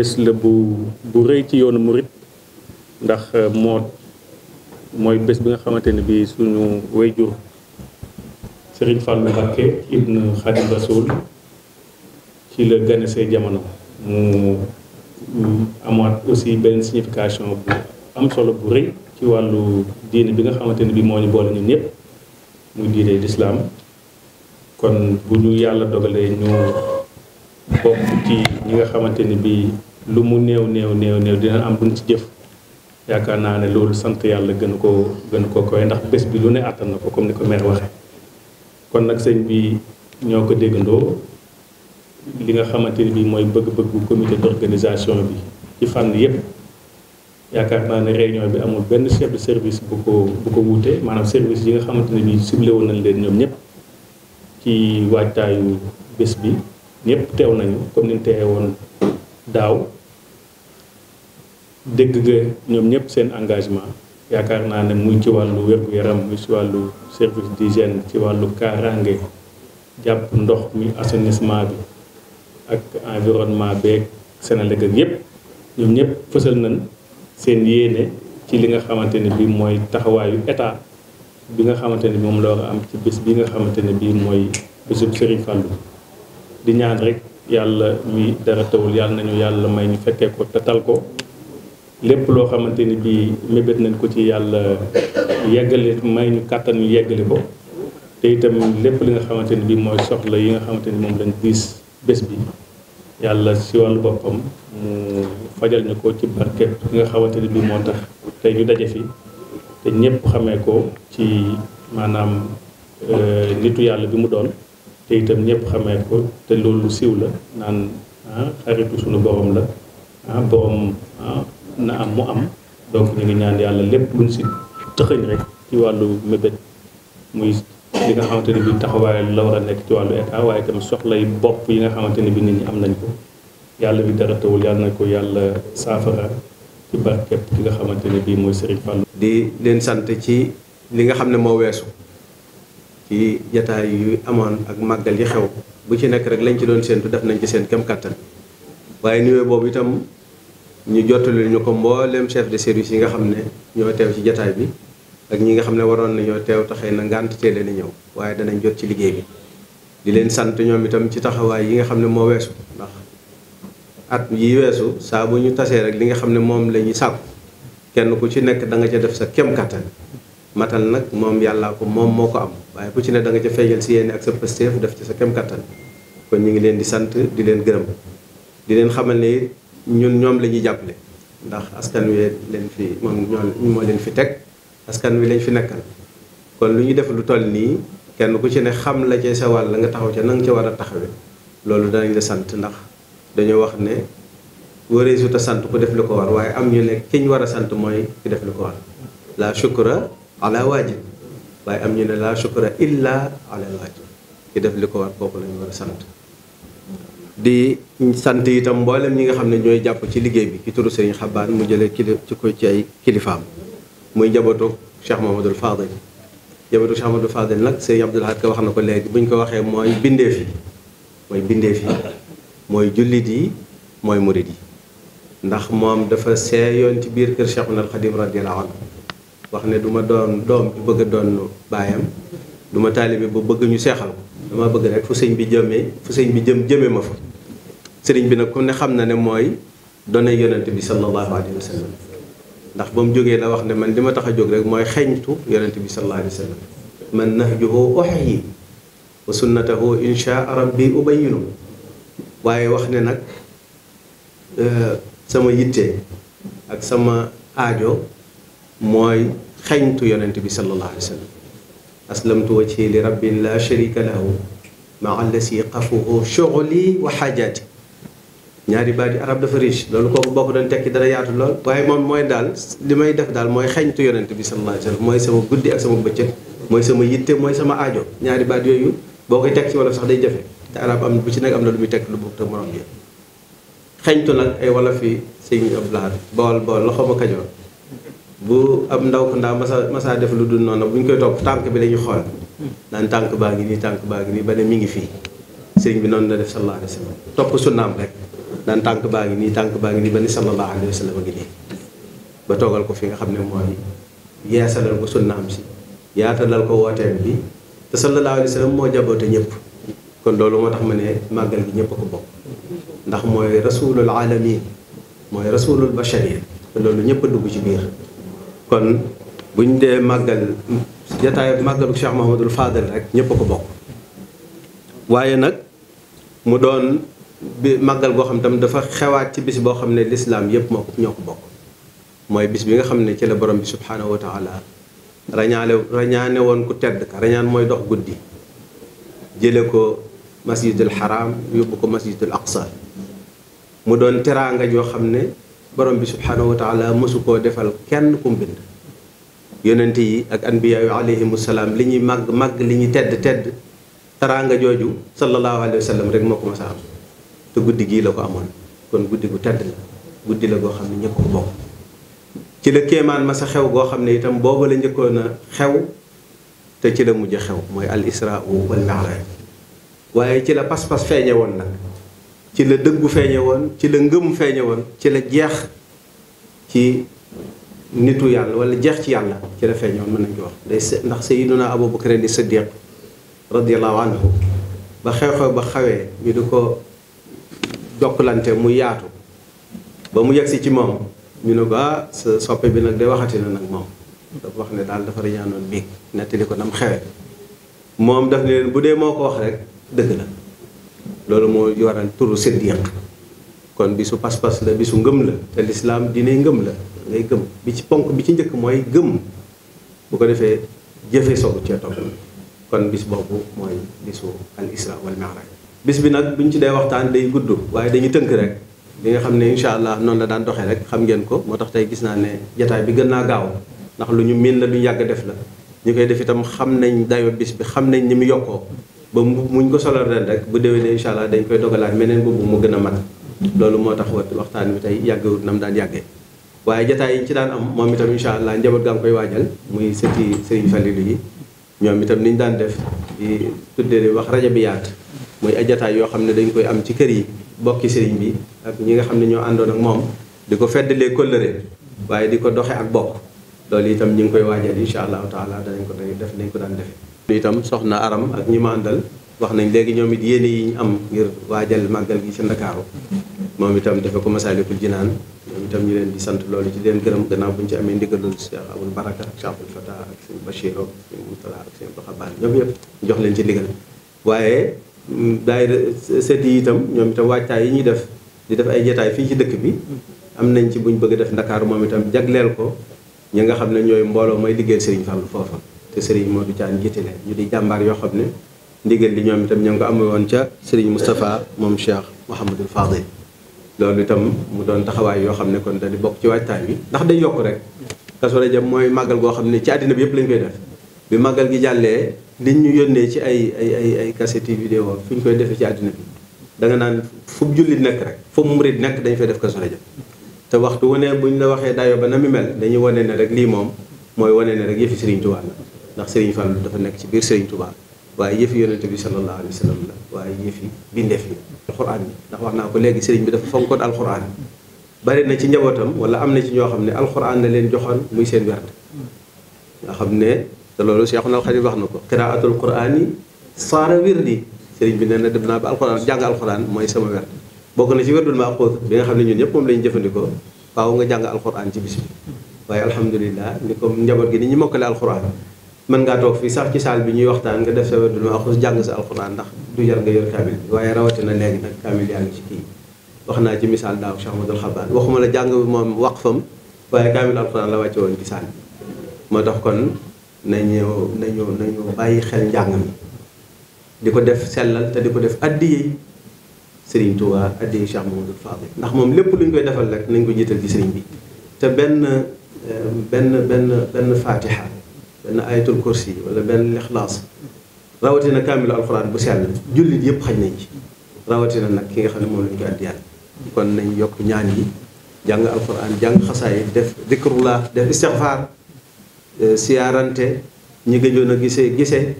bés la bu bu rëy ci yoonu murit ndax euh, moo mooy bés bi nga xamante ne bii suñu wayjur Serigne Fallou Mbacké ibnu Khadim Rasoul ci la ganesee jamono mu amaat aussi benn signification bu am solo bu rëy ci wàllu diine bi nga xamante ne bii moo ñu boole ñun ñëpp muy diine lislaam kon bu ñu yàlla dogalee ñu bokk ci ñi nga xamante ni lu mu néew néew néew néew dina am lu ci jëf yaakaar naa ne loolu sant yàlla gën ko gën koo koy ndax bés bi lu ne àttan na ko comme ni ko maire waxee kon nag sëñ bi ñoo ko déggandoo li nga xamante ne bii mooy bëgg-bëggu comité d'organisation bi ci fànn yépp yaakaar naa ne réunion bi amul benn chef de service bu ko bu ko wuute maanaam service yi nga xamante ne bii ciblé woon nañ leen ñoom ñëpp ci waajtaayu bés bi ñëpp teew nañu comme ni teewoon daaw dégg nga ñoom ñëpp seen engagement yaakaar naa ne muy ci wàllu wér yaram muy ci wàllu service d'hygiène ci wàllu kaaraange jàpp ndox mi assainissement bi ak environnement beeg Sénélec ak yëpp ñoom ñëpp fësal nañ seen yéene ci li nga xamante ne bii mooy taxawaayu état bi nga xamante ne moom la war am ci bis bi nga xamante ne bii mooy bésub Serigne Fallou di ñaan rek. yàlla mi dara tawul yàlla nañu yàlla may ñu fekkee ko te tetal ko lépp loo xamante ni bii mébét nañ ko ci yàlla yeggale may ñu kàttan ñu yeggale ko te itam lépp li nga xamante ni bii mooy soxla yi nga xamante ni moom lañ diis bés bi yàlla si wàllu boppam mu fajal ñu ko ci barkeb li nga xamante ni bii moo tax tey ñu daje fi te ñëpp xamee ko ci maanaam euh, nitu yàlla bi mu doon te itam ñëpp xamee ko te loolu siw la naan ah, xaritu suñu borom la ah, ah na am mu am donc ñu ngi ñaan yàlla lépp luñ si tëxëñ rek ci wàllu mébét muy li nga xamante ne bi taxawaay la war a nekk ci wàllu état waaye itam soxlay bopp yi nga xamante ne bi nit ñi am nañ ko yàlla bi dara tawul yàlla na ko yàlla saafara ci barkeb ki nga xamante ne bi mooy Serigne Fallou. di leen sant ci li nga xam ne moo weesu. ci jataay yu amoon ak màggal yi xew bu ci nekk rek lañ ci doon séentu def nañ ci seen kem kàttan waaye nuyoo boobu itam ñu jottali ñu ko mbooleem chef de service yi nga xam ne ñoo teew ci jataay bi ak ñi nga xam ne waroon nañoo teew te xëy na ngànt teel a ñëw waaye danañ jot ci liggéey bi. di leen sant ñoom itam ci taxawaay yi nga xam ne moo weesu ndax at yi weesu saabu ñu tasee rek li nga xam ne moom lañuy ñuy kenn ku ci nekk da nga ca def sa kem kàttan. matal nag moom yàllaa ko moom moo ko am waaye ku ci ne da nga ca feeñal si yéen ak sa pësteef def ci sa kem kattan kon ñu ngi leen di sant di leen gërëm di leen xamal ne ñun ñoom la ñuy jàppale ndax askan wi leen fi moom ñoo moo leen fi teg askan wi lañ fi nekkal kon lu ñu def lu toll nii kenn ku ci ne xam la cee sa wàll la nga taxaw ca na nga ca war a taxawee loolu danañ la sant ndax dañoo wax ne wëree suta sant ku def lu ko war waaye am ñu ne ki ñu war a sant mooy ki def la shukra ala waajib waaye am ñu ne laa shukra illa ala waajib ki def li ko war kooku lañu war a sant di sant itam mboolem ñi nga xam ne ñooy jàpp ci liggéey bi ki turu Serigne Xabaan mu jëlee kili ci ko ci ay kilifaam muy njabootu Cheikh Mamadou Fadel njabootu Cheikh Mamadou Fadel nag Serigne Abdoul Ahad wax na ko léegi bu ñu ko waxee mooy bindeef yi mooy bindeef yi mooy jullit yi mooy murit yi ndax moom dafa yoon ci biir kër Cheikhul Khadim radiyallahu anhu wax ne du ma doon doom bu bëgg a doon baayam du ma taalibe bu bëgg ñu seexal ko dama bëgg rek fu sëñ bi jëmee fu bi jëm jëmee ma fa sëriñ bi nag ku ne xam na ne mooy donay yonent bi sallallahu alayhi wa mu jógee la wax ne man li ma tax a jóg rek mooy xeñtu yonent bi sallallahu alayhi wa sallam man nahjuhu uhyi wa sunnatahu insha rabbi ubayinu waaye wax ne nag eh, sama yitte ak sama aajo mooy xeñtu yonent bi sallallahu alayhi wa sallam aslamtu wajhi li rabbin la sharika lahu maa allasi qafuhu shughli wa xaajaati ñaari baat yi arab dafa riche loolu kooku bokk doon tekki dana yaatu lool waaye moom mooy daal li may def daal mooy xeñtu yonent bi sallallahu alayhi mooy sama guddi ak sama bëccëg mooy sama yitte mooy sama aajo ñaari baat yooyu boo koy teg ci wolof sax day jafe te arab am bu ci nekk am na lu muy teg lu bokk te morom bi xeñtu nag ay wolof yi sëñ Abdou Lahad Bawol Bawol loxooma Kajoor bu ab ndaw ko ndaw masa masa def lu dul noonu bu ñu koy topp tànk bi dañuy xool naan tànk baa ngi nii tànk baa ngi ba ne mi ngi fii sëriñ bi noonu la def sallallahu alayhi wa sallam rek naan tànk baa ngi nii tànk baa ngi nii ba ne sallallahu alayhi wa sallam a ngi nii ba toogal ko fi nga xam ne mooy yeesalal ko sunnaam si yaatalal ko wooteem bi te sallallahu alayhi wa sallam moo ñëpp kon loolu moo tax ma ne màggal gi ñëpp a ko bokk ndax mooy rasulul alamin mooy rasulul basharin te loolu ñëpp dugg ci biir kon bu ñu dee màggal jataay màggalu Cheikh Mahamadul Fadel rek ñëpp ko bokk waaye nag mu doon bi màggal goo xam ne tam dafa xewaat ci bis boo xam ne lislaam yëpp moo ko ñoo ko bokk mooy bis bi nga xam ne ci la borom bi subhaanahu wa taala rañaale rañaane woon ku tedd ka rañaan mooy dox guddi jële ko masjidul haram yóbbu ko masjidul aqsa mu doon teraanga joo xam ne borom bi subhaanahu wa mësu koo defal kenn kum bind yonent yi ak anbiya yu alayhimu salaam li ñuy màgg màgg li ñuy tedd tedd taraanga jooju sallallahu alayhi wa rek moo ko mas a am te guddi gii la ko amoon kon guddi gu tedd la guddi la goo xam ne ñëpp ko bokk ci la kéemaan ma sa xew goo xam ne itam booba la njëkkoon a xew te ci la mujj xew mooy al isra wal waaye ci la pas-pas feeñe woon nag ci la dëggu feeñe woon ci la ngëm feeñe woon ci la jeex ci nitu yàlla wala jeex ci yàlla ci la feeñe woon mën nañ ko wax day ndax sayyiduna Abu Bakr di Siddiq radiyallahu anhu ba xew-xew ba xawee ñu di ko jokkalante mu yaatu ba mu yegsi ci moom ñu ne ba ah, sa soppe bi nag day waxati na nag moom dafa wax ne daal dafa rañaanoon biig nettali ko nam xewe moom daf ne leen bu dee moo ko wax rek dëgg la loolu moo yoral turu siddiq kon bi su pas-pas la bi su ngëm la te lislaam dinay ngëm la ngay gëm bi ci ponk bi ci njëkk mooy gëm bu ko defee jëfe soog cee topp kon bis boobu mooy bisu al isra wal mi'raj bis bi nag buñ ci dee waxtaan day gudd waaye dañuy tënk rek bi nga xam ne incha allah noonu la daan doxee rek xam ngeen ko moo tax tey gis naa ne jataay bi gën naa gaaw ndax lu ñu miin la duñ yàgg def la ñu koy def itam xam nañ dayo bis bi xam nañ ni mu yokkoo ba mu muñ ko solal ren rek bu déwénee incha allah dañ koy dogalaat meneen boobu mu gën a mag loolu moo tax waxtaan wi tey yàggewut nam mu daan yàggee waaye jataay yi ci daan am moom itam allah njaboot gaa koy waajal muy sëti sëriñ Falilou yi ñoom itam ni ñu daan def di tuddee wax rajo bi yaat muy ay jataay yoo xam ne dañ koy am ci kër yi bokki sëriñ bi ak ñi nga xam ne ñoo àndoon ak moom di ko feddalee kóllëre waaye di ko doxe ak bokk loolu itam ñu ngi koy waajal incha allahu taala danañ ko def nañ ko daan defee itam soxna aram ak ñi ma wax nañ léegi ñoom it yéene yi ñu am ngir waajal màggal gi ci Ndakaaru moom itam dafa ko Masaalikul Jinaan ñoom itam ñu leen di sant loolu ci leen gërëm gannaaw bu ñu ci amee ndigalul Cheikh Abul Baraka ak Cheikh Abul Fatah ak seen Bachiro ak jox leen ci ndigal waaye mm, daayira set ñoom itam waajtaay yi ñuy def di def ay jataay fii ci dëkk bi am nañ ci buñ bëgg def Ndakaaru moom itam jagleel ko ñi nga xam ne ñooy mbooloo may liggéeyal Serigne Fallou foofa te Serigne Modou Thiam jiite leen ñu di jàmbaar yoo xam ne ndigal li ñoom itam ñoo ngi ko amee woon ca Serigne Moustapha moom Cheikh Mouhamadul Fadil loolu itam mu doon taxawaay yoo xam ne kon da di bokk ci waajtaay wi ndax day yokk rek Kazu Rajab mooy màggal goo xam ne ci àddina bi yëpp lañ koy def bi màggal gi jàllee liñ ñu yónnee ci ay ay ay ay cassette vidéo fu ñu koy defee ci àddina bi danga naan fu mu jullit nekk rek fu murit nekk dañ fay def Kazu Rajab te waxtu wu ne bu ñu la waxee dayo ba na mi mel dañuy wane ne rek lii moom mooy wane ne rek yëfi Serigne Touba la ndax Serigne Fall dafa nekk ci biir Serigne Touba waaye yëfi yonente bi sallallahu alayhi wa sallam la waaye yëfi bindeef yi alxuraan yi ndax wax naa ko léegi Serigne bi dafa fonkoon alxuraan bari na ci njabootam wala am na ci ñoo xam ne alxuraan la leen joxoon muy seen werd ñoo xam ne te loolu Cheikhul Khadim wax na ko qiraatul quraan yi saara wirdi Serigne bi nee na dem naa ba alxuraan jàng alxuraan mooy sama werd bokk na ci werdul maa xóot bi nga xam ne ñun ñëpp moom la jëfandikoo faaw nga jàng alxuraan ci bis bi waaye alhamdulilah ni comme njaboot gi ni ñu mokkale alxuraan mën ngaa toog fii sax ci saal bi ñuy waxtaan nga def sa wér du ma jàng sa alxuraan ndax du jar nga yor kaamil bi waaye rawatina léegi nag kaamil yaa ngi ci kii wax naa ci misaal daaw Cheikh Amadou Xabaan waxuma la jàng bi moom waqfam waaye kaamil alxuraan la wàcce woon ci saal bi moo tax kon nañu nañu nañu bàyyi xel njàng mi di ko def sellal te di ko def addiye Serigne Touba addiye Cheikh Mamadou Fadil ndax moom lépp lu koy defal rek nañ ko jiital ci Serigne bi te benn euh, benn benn benn fatiha na ayatul kursi wala benn lixlaas rawatina kaamilu alxuraan bu sell jullit yëpp xaj nañ ci rawatina nag ki nga xam ne moom lañ koy addi kon nañ yokk ñaan yi jàng alxuraan jàng xasaay def dikrullah def istixfaar e, siyaarante ñi gëjoon a gisee gisee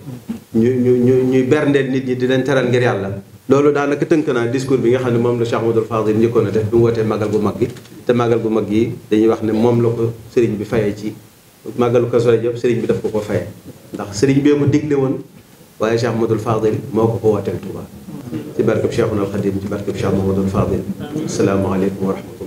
ñu ñu ñu ñuy berndeel nit ñi di leen teral ngir yàlla loolu daanaka tënk naa discours bi nga xam ne moom la Cheikh Ahmadoul Fadil njëkkoon a def bi mu wootee magal bu mag gi te magal bu mag yi dañuy wax ne moom la ko sëriñ bi fayee ci màggalu Kazu Rajab sëriñ bi daf ko ko faye ndax sëriñ bee mu digle woon waaye Cheikh Modou Fadil moo ko ko wooteel Touba ci barkeb Cheikhul Khadim ci barkeb Cheikh Modou Fadil asalaamaaleykum wa rahmatulah